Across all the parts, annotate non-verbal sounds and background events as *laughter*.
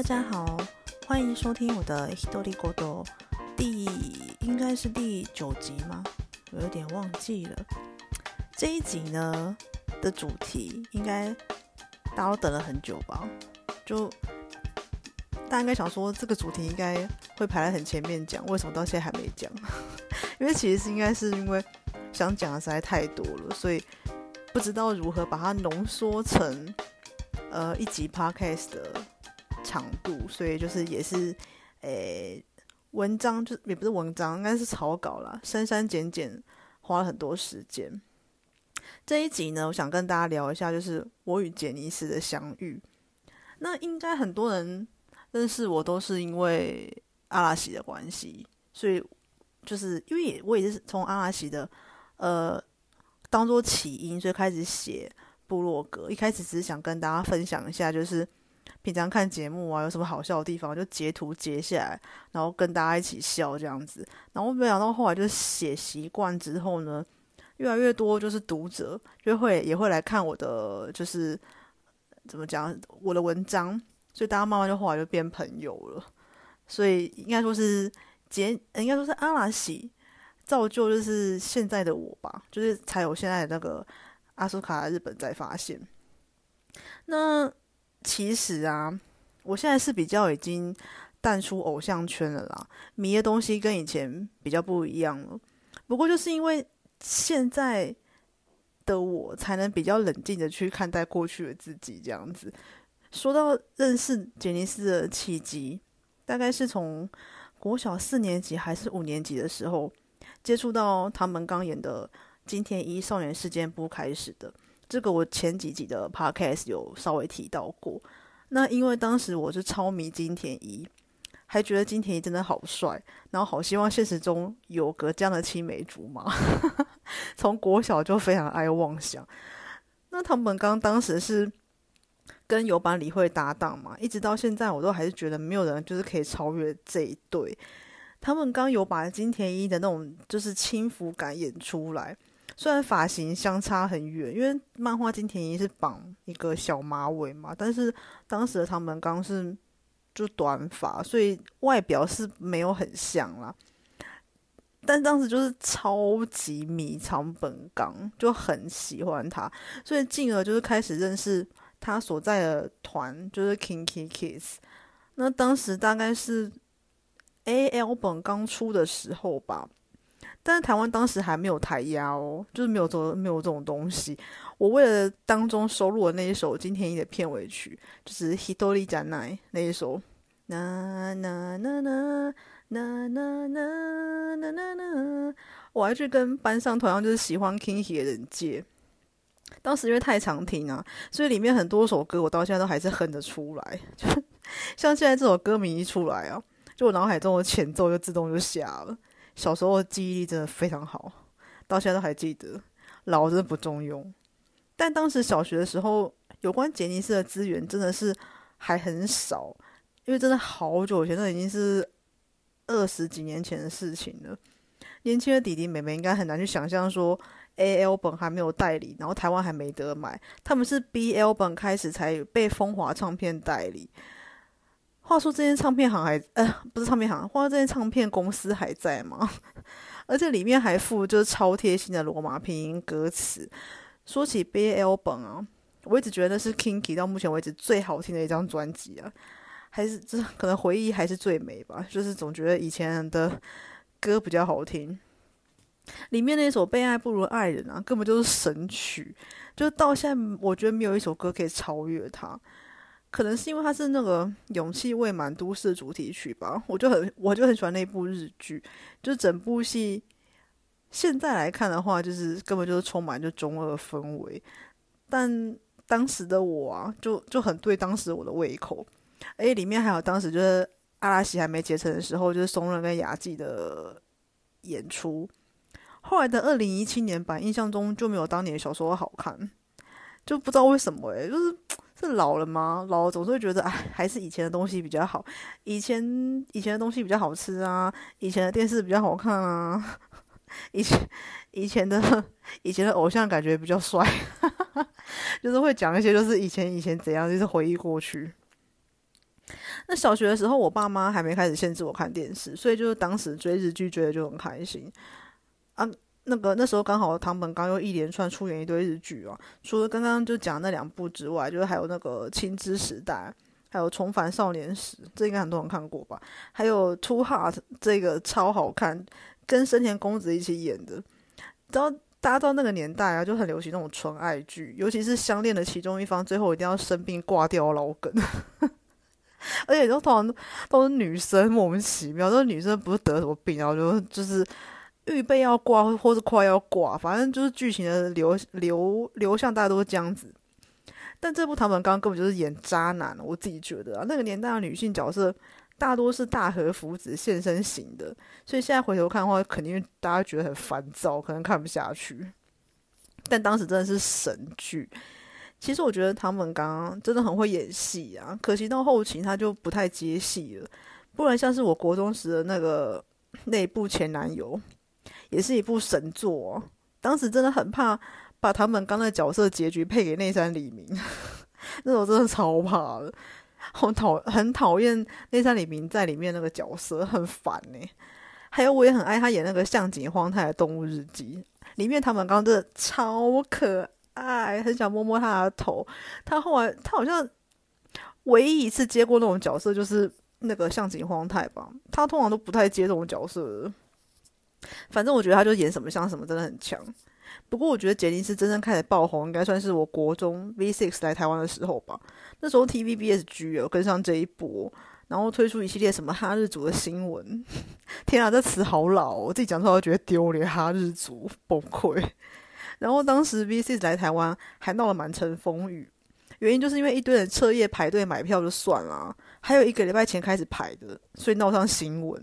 大家好，歡迎收聽我的《ひとりごと》第，應該是第九集嗎？我有點忘記了。這一集呢的主題，應該大家都等了很久吧？就大家應該想說，這個主題應該會排在很前面講，為什麼到現在還沒講？因為其實是應該是因為想講的實在太多了，所以不知道如何把它濃縮成呃一集 podcast 的長度，所以就是也是，誒、欸，文章就也不是文章，應該是草稿啦，刪刪減減，花了很多時間。這一集呢，我想跟大家聊一下，就是我與傑尼斯的相遇。那應該很多人認識我都是因為阿拉西的關係，所以就是因為也我也是從阿拉西的，呃，當做起因，所以開始寫部落格。一開始只是想跟大家分享一下，就是。平常看節目啊，有什麼好笑的地方就截圖截下來，然後跟大家一起笑這樣子。然後我沒想到後來就是寫習慣之後呢，越來越多就是讀者就會也會來看我的就是怎麼講我的文章，所以大家慢慢就後來就變朋友了。所以應該說是傑，應該說是阿拉西造就就是現在的我吧，就是才有現在的那個阿蘇卡日本在發現那。其實啊，我現在是比較已經淡出偶像圈了啦。迷的東西跟以前比較不一樣了。不過就是因為現在的我，才能比較冷靜的去看待過去的自己。這樣子，說到認識傑尼斯的契機，大概是從國小四年級還是五年級的時候，接觸到堂本剛演的《金田一少年事件簿》開始的。這個我前幾集的 podcast 有稍微提到過，那因為當時我是超迷金田一，還覺得金田一真的好帥，然後好希望現實中有個這樣的青梅竹馬， *laughs* 從國小就非常愛妄想。那他們剛當時是跟友坂理惠搭檔嘛，一直到現在我都還是覺得沒有人就是可以超越這一對。他們剛有把金田一的那種就是輕浮感演出來。雖然髮型相差很遠，因為漫畫金田一是綁一個小馬尾嘛，但是當時的堂本剛是就短髮，所以外表是沒有很像啦。但當時就是超級迷堂本剛，就很喜歡他，所以進而就是開始認識他所在的團，就是 KinKi Kids。那當時大概是 A L 本剛出的時候吧。但台灣當時還沒有台壓哦、喔，就是沒有這沒有這種東西。我為了當中收錄的那一首金田一的片尾曲，就是《Hitori Janai》那一首，吶吶吶吶吶吶吶吶吶吶，我還去跟班上同樣就是喜歡 KinKi 的人借。當時因為太常聽啊，所以裡面很多首歌我到現在都還是哼得出來。就像現在這首歌名一出來啊，就我腦海中的前奏就自動就下了。小時候記憶力真的非常好，到現在都還記得。老真的不中用。但當時小學的時候，有關傑尼斯的資源真的是還很少，因為真的好久以前，都已經是二十幾年前的事情了。年輕的弟弟妹妹應該很難去想象說，A L 本還沒有代理，然後台灣還沒得買，他們是 B L 本開始才被風華唱片代理。話說這間唱片行還、呃……不是唱片行，話說這間唱片公司還在嗎？ *laughs* 而且裡面還附著就是超貼心的羅馬拼音歌詞。說起 B L 本啊，我一直覺得是 Kinky 到目前為止最好聽的一張專輯啊，還是就可能回憶還是最美吧，就是總覺得以前的歌比較好聽。裡面那首《被愛不如愛人》啊，根本就是神曲，就到現在我覺得沒有一首歌可以超越它。可能是因為它是那個勇氣未滿都市主題曲吧，我就很我就很喜歡那部日劇，就是整部戲，現在來看的話，就是根本就是充滿就中二氛圍，但當時的我啊，就就很對當時我的胃口，誒，裡面還有當時就是阿拉西還沒結成的時候，就是松潤跟雅紀的演出，後來的二零一七年版印象中就沒有當年的小說好看，就不知道為什麼誒、欸，就是。是老了嗎？老了總是會覺得，哎，還是以前的東西比較好。以前以前的東西比較好吃啊，以前的電視比較好看啊，以前以前的以前的偶像感覺比較帥， *laughs* 就是會講一些，就是以前以前怎樣，就是回憶過去。那小學的時候，我爸媽還沒開始限制我看電視，所以就是當時追日劇追的就很開心啊。那個那時候剛好堂本剛又一連串出演一堆日劇啊，除了剛剛就講那兩部之外，就是還有那個《青之時代》，還有《重返少年時》，這應該很多人看過吧？還有《To Heart》這個超好看，跟深田恭子一起演的。然後大家知道那個年代啊，就很流行那種純愛劇，尤其是相戀的其中一方最後一定要生病掛掉老梗， *laughs* 而且都同通常都是女生莫名其妙，那女生不是得什麼病、啊，然後就就是。預備要掛，或是快要掛，反正就是劇情的流流流向，大多這樣子。但這部堂本剛根本就是演渣男，我自己覺得啊，那個年代的女性角色大多是大和撫子現身型的，所以現在回頭看的話，肯定大家覺得很煩躁，可能看不下去。但當時真的是神劇，其實我覺得堂本剛真的很會演戲啊。可惜到後期他就不太接戲了，不然像是我國中時的那個那部前男友。也是一部神作。啊，當時真的很怕把堂本剛的角色結局配給內山理名。 *laughs* 那我真的超怕的，好討很討厭內山理名在裡面那個角色，很煩呢、欸。還有我也很愛他演那個向井荒太的《動物日記》，裡面堂本剛真的超可愛，很想摸摸他的頭。他後來他好像唯一一次接過那種角色就是那個向井荒太吧，他通常都不太接這種角色。反正我覺得他就演什麼像什麼，真的很強。不過我覺得傑尼斯真正開始爆紅，應該算是我國中 V6 來台灣的時候吧。那時候 TVBSG 有、哦、跟上這一波，然後推出一系列什麼哈日族的新聞。天啊，這詞好老、哦，我自己講出來都覺得丟臉。哈日族崩潰。然後當時 V6 來台灣還鬧得滿城風雨，原因就是因為一堆人徹夜排隊買票就算了，還有一個禮拜前開始排的，所以鬧上新聞。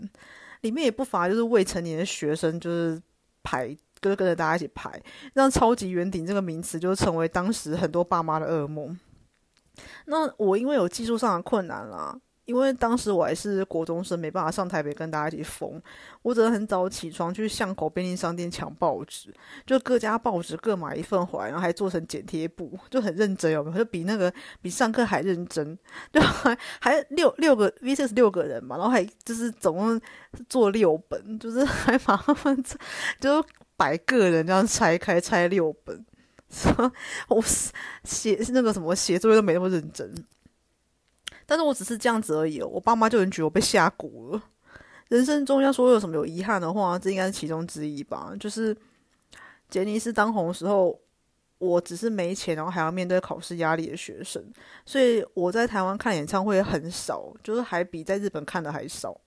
裡面也不乏就是未成年的學生，就是排跟跟着大家一起排，讓“超級圓頂”這個名詞就成為當時很多爸媽的噩夢。那我因為有技術上的困難啦。因為當時我還是國中生，沒辦法上台北跟大家一起瘋，我只能很早起床去巷口便利商店搶報紙，就各家報紙各買一份回來，然後還做成剪貼簿，就很認真哦，就比那個比上課還認真，就還還六六個 V6 六個人嘛，然後還就是總共做六本，就是還把他們就擺個人這樣拆開拆六本，我、哦、寫那個什麼寫作業都沒那麼認真。但是我只是這樣子而已哦，我爸媽就很覺得我被下蠱了。人生中要說有什麼有遺憾的話，這應該是其中之一吧。就是傑尼斯當紅的時候，我只是沒錢，然後還要面對考試壓力的學生，所以我在台灣看演唱會很少，就是還比在日本看的還少。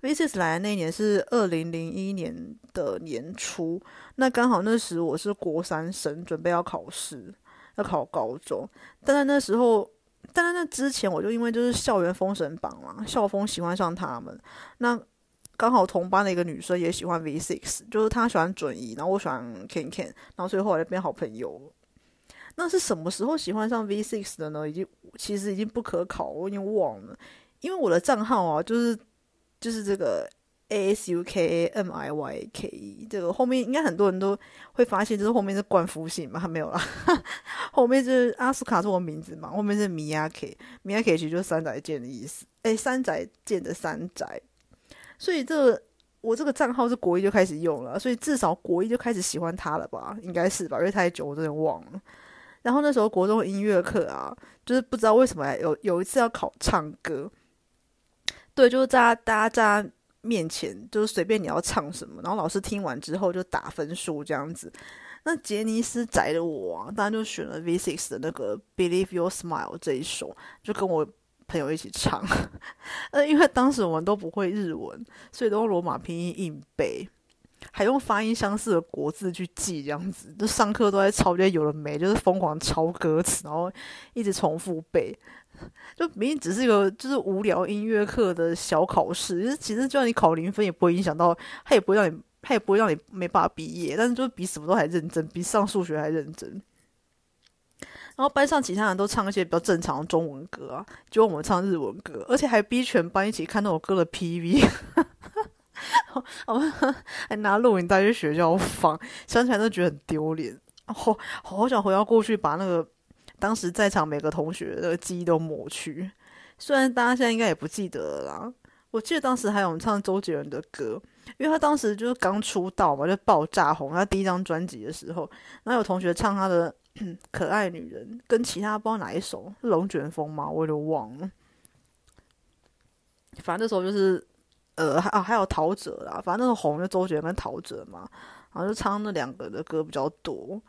V6 來的那一年是二零零一年的年初，那剛好那時我是國三生，準備要考試，要考高中，但在那時候。但是那之前我就因為就是校園封神榜嘛，校風喜歡上他們，那剛好同班的一個女生也喜歡 V6 就是她喜歡准一，然後我喜歡 Ken Ken，然後所以後來變好朋友。那是什麼時候喜歡上 V6 的呢？已經其實已經不可考，我已經忘了，因為我的賬號啊，就是就是這個 A S U K A M I Y K E，這個後面應該很多人都會發現，就是後面是冠夫姓嘛，還沒有啦。 *laughs* 後面就是阿斯卡是我名字嘛？後面是米亞 K，米亞 K 其實就是三宅健的意思。誒、欸，三宅健的三宅，所以這個我這個賬號是國一就開始用了，所以至少國一就開始喜歡他了吧？應該是吧？因為太久我真的忘了。然後那時候國中音樂課啊，就是不知道為什麼有有一次要考唱歌，對，就是在大家在面前，就是隨便你要唱什麼，然後老師聽完之後就打分數這樣子。那傑尼斯宅的我啊，當然就選了 V6 的那個《Believe Your Smile》這一首，就跟我朋友一起唱。呃， *laughs* 因為當時我們都不會日文，所以都用羅馬拼音硬背，還用發音相似的國字去記，這樣子就上課都在抄。就有了沒，就是瘋狂抄歌詞，然後一直重複背， *laughs* 就明明只是一個就是無聊音樂課的小考試，其實就算你考零分也不會影響到，他也不會讓你。他也不會讓你沒辦法畢業，但是就是比什麼都還認真，比上數學還認真。然後班上其他人都唱一些比較正常的中文歌啊，就我們唱日文歌，而且還逼全班一起看那首歌的 PV。哈，我們還拿錄音帶去學校放，想起來都覺得很丟臉。然後、哦哦、好想回到過去，把那個當時在場每個同學的記憶都抹去。雖然大家現在應該也不記得了啦，我記得當時還有我們唱周杰倫的歌。因為他當時就是剛出道嘛，就爆炸紅。他第一張專輯的時候，然後有同學唱他的《可愛女人》，跟其他不知道哪一首《龍捲風》嘛，我有點忘了。反正那時候就是，呃，啊，還有陶喆啦。反正那時候紅就周杰倫跟陶喆嘛，然後就唱那兩個的歌比較多。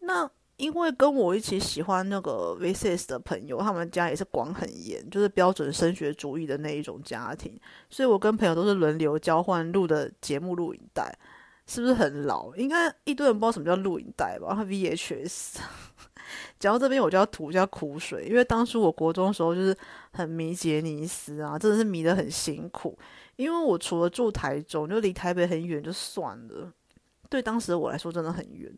那。因為跟我一起喜歡那個 VHS 的朋友，他們家也是管很嚴，就是標準升學主義的那一種家庭，所以我跟朋友都是輪流交換錄的節目錄影帶，是不是很老？應該一堆人不知道什麼叫錄影帶吧？VHS。講 *laughs* 到這邊我就要吐一下苦水，因為當初我國中的時候就是很迷傑尼斯啊，真的是迷得很辛苦。因為我除了住台中，就離台北很遠，就算了，對當時的我來說真的很遠。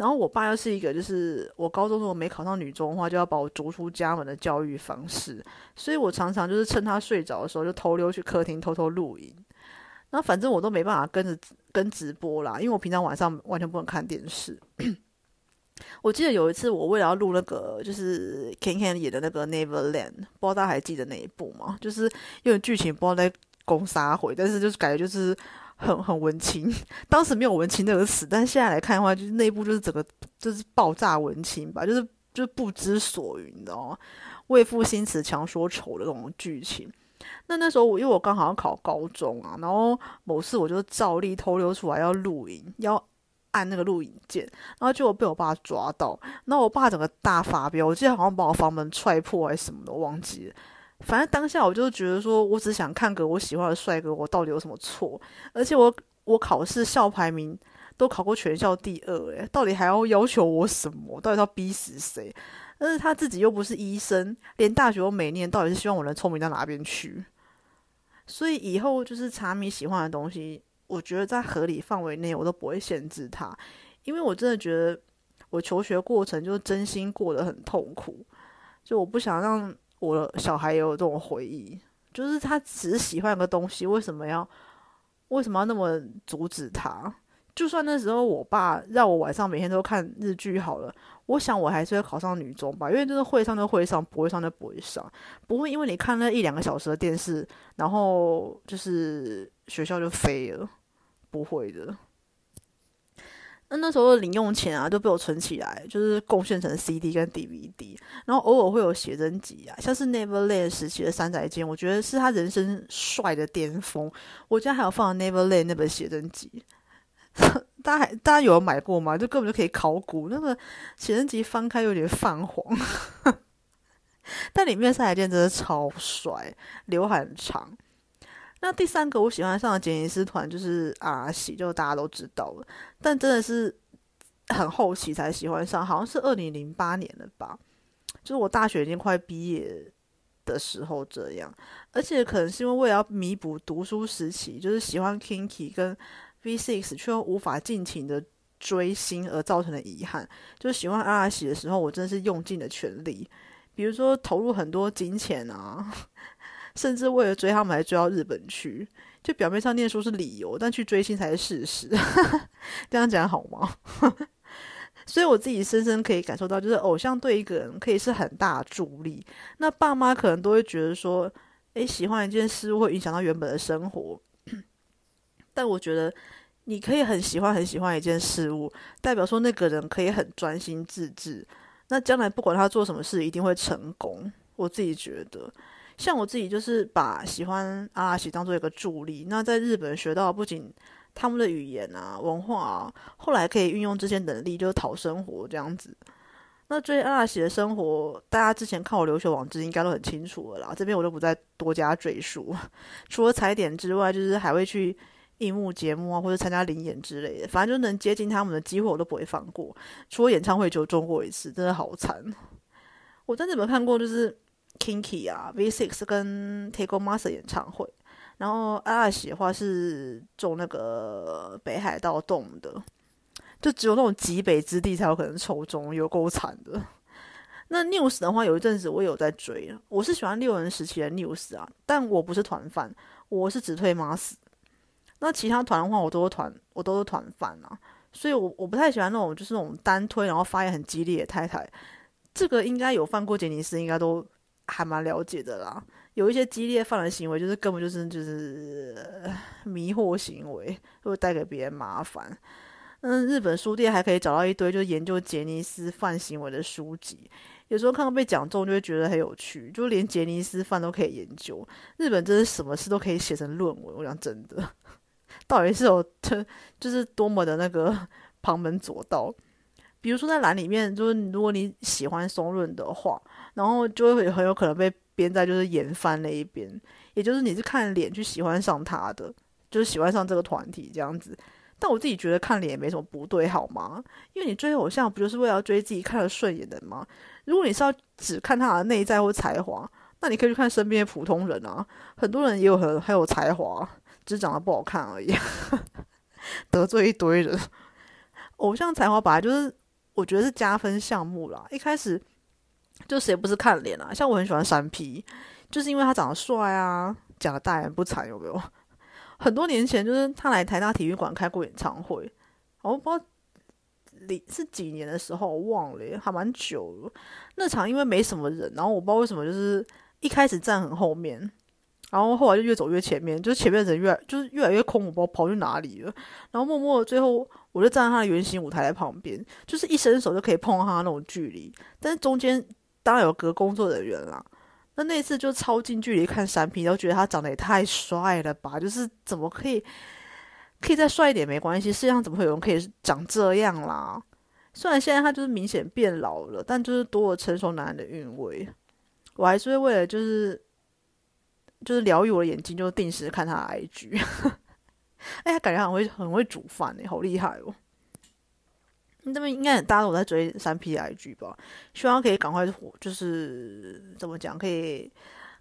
然後我爸又是一個，就是我高中如果沒考上女中的話，就要把我逐出家門的教育方式，所以我常常就是趁他睡着的時候就偷溜去客廳偷偷錄影。那反正我都沒辦法跟着跟直播啦，因為我平常晚上完全不能看電視。 *coughs* 我記得有一次我為了要錄那個就是 Ken Ken 演的那個 Neverland，不知道大家還記得那一部嗎？就是因為劇情不知道在攻啥毀，但是就是感覺就是。很很文青，當時沒有文青這個詞，但現在來看的話，就是內部就是整個就是爆炸文青吧，就是就是不知所云，你知道嗎？為賦新詞強說愁的那種劇情。那那時候我因為我剛好要考高中啊，然後某次我就照例偷溜出來要錄影，要按那個錄影鍵，然後就被我爸抓到，那我爸整個大發飆，我記得好像把我房門踹破還是什麼的，忘記了。反正當下我就覺得說，我只想看個我喜歡的帥哥，我到底有什麼錯？而且我我考試校排名都考過全校第二，欸，誒，到底還要要求我什麼？到底要逼死誰？但是他自己又不是醫生，連大學都沒念，到底是希望我能聰明到哪邊去？所以以後就是查米喜歡的東西，我覺得在合理範圍內我都不會限制他，因為我真的覺得我求學的過程就是真心過得很痛苦，就我不想讓。我的小孩也有這種回憶，就是他只是喜歡一個東西，為什麼要為什麼要那麼阻止他？就算那時候我爸讓我晚上每天都看日劇好了，我想我還是會考上女中吧，因為就是會上就會上，不會上就不會上，不會因為你看了一兩個小時的電視，然後就是學校就飛了，不會的。那、嗯、那時候的零用錢啊，都被我存起來，就是貢獻成 CD 跟 DVD，然後偶爾會有寫真集啊，像是 Neverland 時期的三宅健，我覺得是他人生帥的巔峰。我家還有放 Neverland 那本寫真集，呵大家大家有買過嗎？就根本就可以考古。那個寫真集翻開有點泛黃，但裡面三宅健真的超帥，劉海很長。那第三個我喜歡上的傑尼斯團就是嵐，就大家都知道了，但真的是很後期才喜歡上，好像是二零零八年了吧，就是我大學已經快畢業的時候這樣，而且可能是因為為了要彌補讀書時期就是喜歡 Kinki 跟 V Six 卻又無法盡情的追星而造成的遺憾，就是喜歡嵐的時候，我真的是用盡了全力，比如說投入很多金錢啊。甚至為了追他們，還追到日本去。就表面上念書是理由，但去追星才是事實。 *laughs* 這樣講好嗎？ *laughs* 所以我自己深深可以感受到，就是偶像對一個人可以是很大助力。那爸媽可能都會覺得說：“誒，喜歡一件事物會影響到原本的生活。 *coughs* ”但我覺得你可以很喜歡很喜歡一件事物，代表說那個人可以很專心致志。那將來不管他做什麼事，一定會成功。我自己覺得。像我自己就是把喜歡阿拉西當做一個助力，那在日本學到不僅他們的語言啊、文化啊，後來可以運用這些能力就是討生活這樣子。那追阿拉西的生活，大家之前看我留學網誌應該都很清楚了啦，這邊我就不再多加贅述。除了踩點之外，就是還會去熒幕節目啊，或者參加臨演之類的，反正就能接近他們的機會我都不會放過。除了演唱會就中過一次，真的好慘！我真的沒有看過，就是。KinKi 啊，V6 跟 Tegomass 演唱會，然後 Arashi 的話是中那個北海道動的，就只有那種極北之地才有可能抽中，有夠慘的。那 NewS 的話，有一陣子我也有在追，我是喜歡六人時期的 NewS 啊，但我不是團飯，我是只推 Massu。那其他團的話，我都是團，我都是團飯啊，所以我我不太喜歡那種就是那種單推、然後發言很激烈的太太。這個應該有犯過傑尼斯，應該都。還蠻了解的啦，有一些激烈犯的行為，就是根本就是就是迷惑行為，會帶給別人麻煩。嗯，日本書店還可以找到一堆就研究傑尼斯犯行為的書籍，有時候看到被講中，就會覺得很有趣。就連傑尼斯犯都可以研究，日本真是什麼事都可以寫成論文。我講真的，到底是有，就是多麼的那個旁門左道。比如說在嵐裡面，就是如果你喜歡松潤的話，然後就會很有可能被編在就是顏翻那一邊，也就是你是看臉去喜歡上他的，就是喜歡上這個團體這樣子。但我自己覺得看臉也沒什麼不對，好嗎？因為你追偶像不就是為了追自己看得順眼的嗎？如果你是要只看他的內在或才華，那你可以去看身邊的普通人啊，很多人也有很很有才華，只是長得不好看而已， *laughs* 得罪一堆人。偶像才華本來就是。我覺得是加分項目啦。一開始就誰不是看臉啊？像我很喜歡山 P，就是因為他長得帥啊，講的大言不慚有沒有？很多年前就是他來台大體育館開過演唱會，我不知道是幾年的時候我忘了欸，還蠻久的。那場因為沒什麼人，然後我不知道為什麼就是一開始站很後面。然後後來就越走越前面，就是前面的人越來就是越來越空，我不知道跑去哪裡了。然後默默的最後我就站在他的圓形舞台的旁邊，就是一伸手就可以碰到他那種距離。但是中間當然有隔工作人員啦。那那一次就超近距離看山 P，然後覺得他長得也太帥了吧！就是怎麼可以可以再帥一點沒關係，世界上怎麼會有人可以長這樣啦？雖然現在他就是明顯變老了，但就是多了成熟男人的韻味。我還是為了就是。就是療癒我的眼睛，就定時看他的 IG。 *laughs* 哎，他感覺他很會很會煮飯哎，好厲害哦！那這邊應該很大，我在追三 P 的 IG 吧？希望他可以趕快，就是怎麼講，可以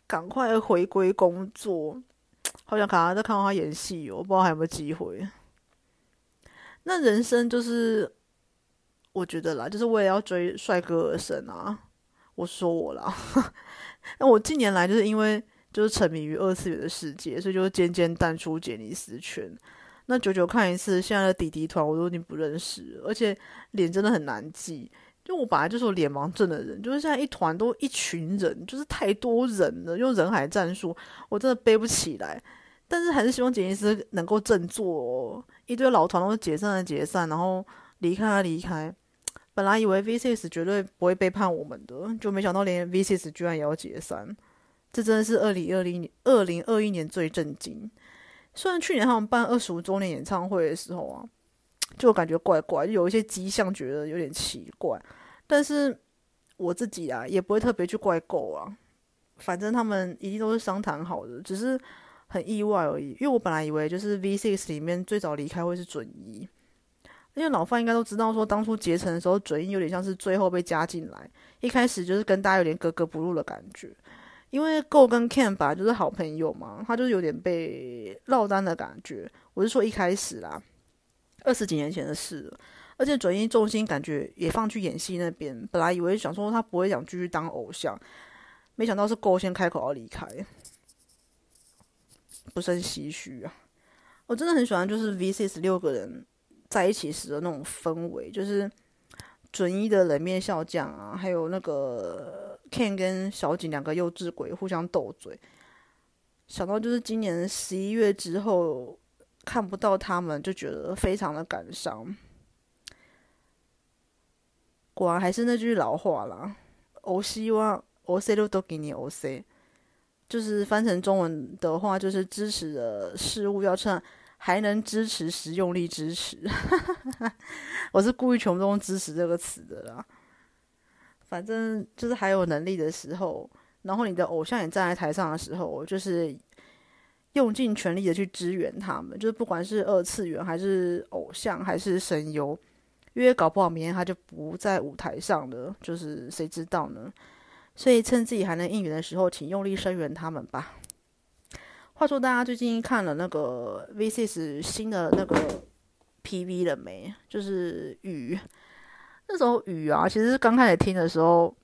趕快回歸工作。好想看他在看他演戲哦，不知道有沒有機會。那人生就是我覺得啦，就是為了要追帥哥而生啊！我說我啦，那 *laughs* 我近年來就是因為。就是沉迷於二次元的世界，所以就漸漸淡出傑尼斯圈。那久久看一次現在的弟弟團，我都已經不認識，而且臉真的很難記，就我本來就是臉盲症的人。就是現在一團都一群人，就是太多人了，用人海戰術，我真的背不起來。但是還是希望傑尼斯能夠振作哦。一堆老團都解散了，解散，然後離開啊，離開。本來以為 V6 絕對不會背叛我們的，就沒想到連 V6 居然也要解散。這真的是二零二零年、二零二一年最震驚。雖然去年他們辦二十五周年演唱會的時候啊，就感覺怪怪，有一些跡象覺得有點奇怪，但是我自己啊也不會特別去怪購啊。反正他們一定都是商談好的，只是很意外而已。因為我本來以為就是 V6 裡面最早離開會是準一，因為老范應該都知道說，當初結成的時候準一有點像是最後被加進來，一開始就是跟大家有點格格不入的感覺。因為 Go 跟 Ken 本來就是好朋友嘛，他就是有點被落單的感覺。我是說一開始啦，二十幾年前的事，而且准一重心，感覺也放去演戲那邊。本來以為想說他不會想繼續當偶像，沒想到是 Go 先開口要離開，不勝唏噓啊。我真的很喜歡，就是 V6 六個人在一起時的那種氛圍，就是准一的冷面笑匠啊，還有那個。Ken 跟小景兩個幼稚鬼互相鬥嘴，想到就是今年十一月之後看不到他們，就覺得非常的感傷。果然還是那句老話啦，推しは推せる時に推せ，就是翻成中文的話，就是支持的事物要趁還能支持時用力支持。 *laughs* 我是故意全部都用支持這個詞的啦。反正就是還有能力的時候，然後你的偶像也站在台上的時候，就是用盡全力的去支援他們，就是不管是二次元還是偶像還是聲優，因為搞不好明天他就不在舞台上了，就是誰知道呢？所以趁自己還能應援的時候，請用力聲援他們吧。話說大家最近看了那個 V6 新的那個 PV 了沒？就是雨。那時候雨啊，其實剛開始聽的時候，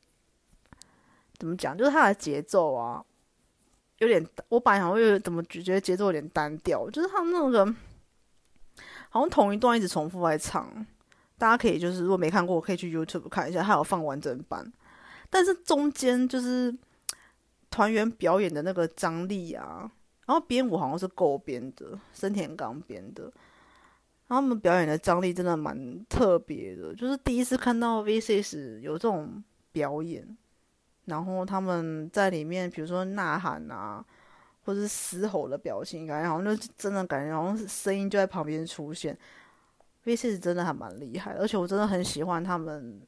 怎麼講？就是它的節奏啊，有點。我本來好像會怎麼覺得節奏有點單調，就是它那個好像同一段一直重複在唱。大家可以就是如果沒看過，可以去 YouTube 看一下，它有放完整版。但是中間就是團員表演的那個張力啊，然後編舞好像是 Go 編的，森田剛編的。他們表演的張力真的蠻特別的，就是第一次看到 V6 有這種表演，然後他們在裡面，比如說吶喊啊，或者是嘶吼的表情感覺，然後就真的感覺，好像是聲音就在旁邊出現。V6 真的還蠻厲害，而且我真的很喜歡他們，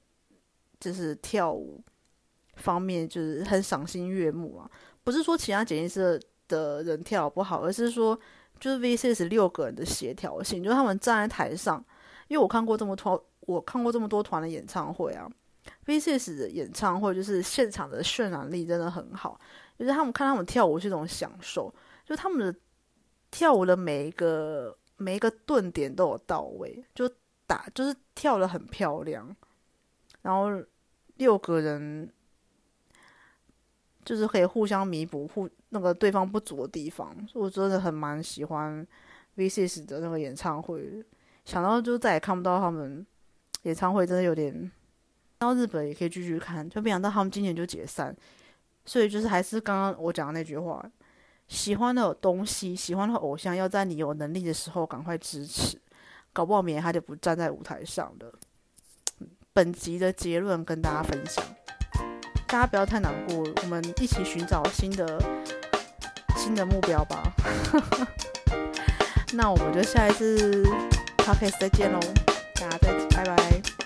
就是跳舞方面就是很賞心悅目啊，不是說其他傑尼斯的人跳不好，而是說。就是 V6 六個人的協調性，就是他們站在台上，因為我看過這麼多，我看過這麼多團的演唱會啊，V6 的演唱會就是現場的渲染力真的很好，就是他們看他們跳舞是一種享受，就他們的跳舞的每一個每一個頓點都有到位，就打就是跳得很漂亮，然後六個人。就是可以互相彌補，互那個對方不足的地方，所以我真的很蠻喜歡 V6 的那個演唱會。想到就再也看不到他們演唱會，真的有點。到日本也可以繼續看，就沒想到他們今年就解散。所以就是還是剛剛我講的那句話，喜歡的東西，喜歡的偶像，要在你有能力的時候趕快支持，搞不好明年還得不站在舞台上的。本集的結論跟大家分享。大家不要太難過，我們一起尋找新的新的目標吧。 *laughs* 那我們就下一次 Podcast *music* 再見嘍，大家再見，拜拜。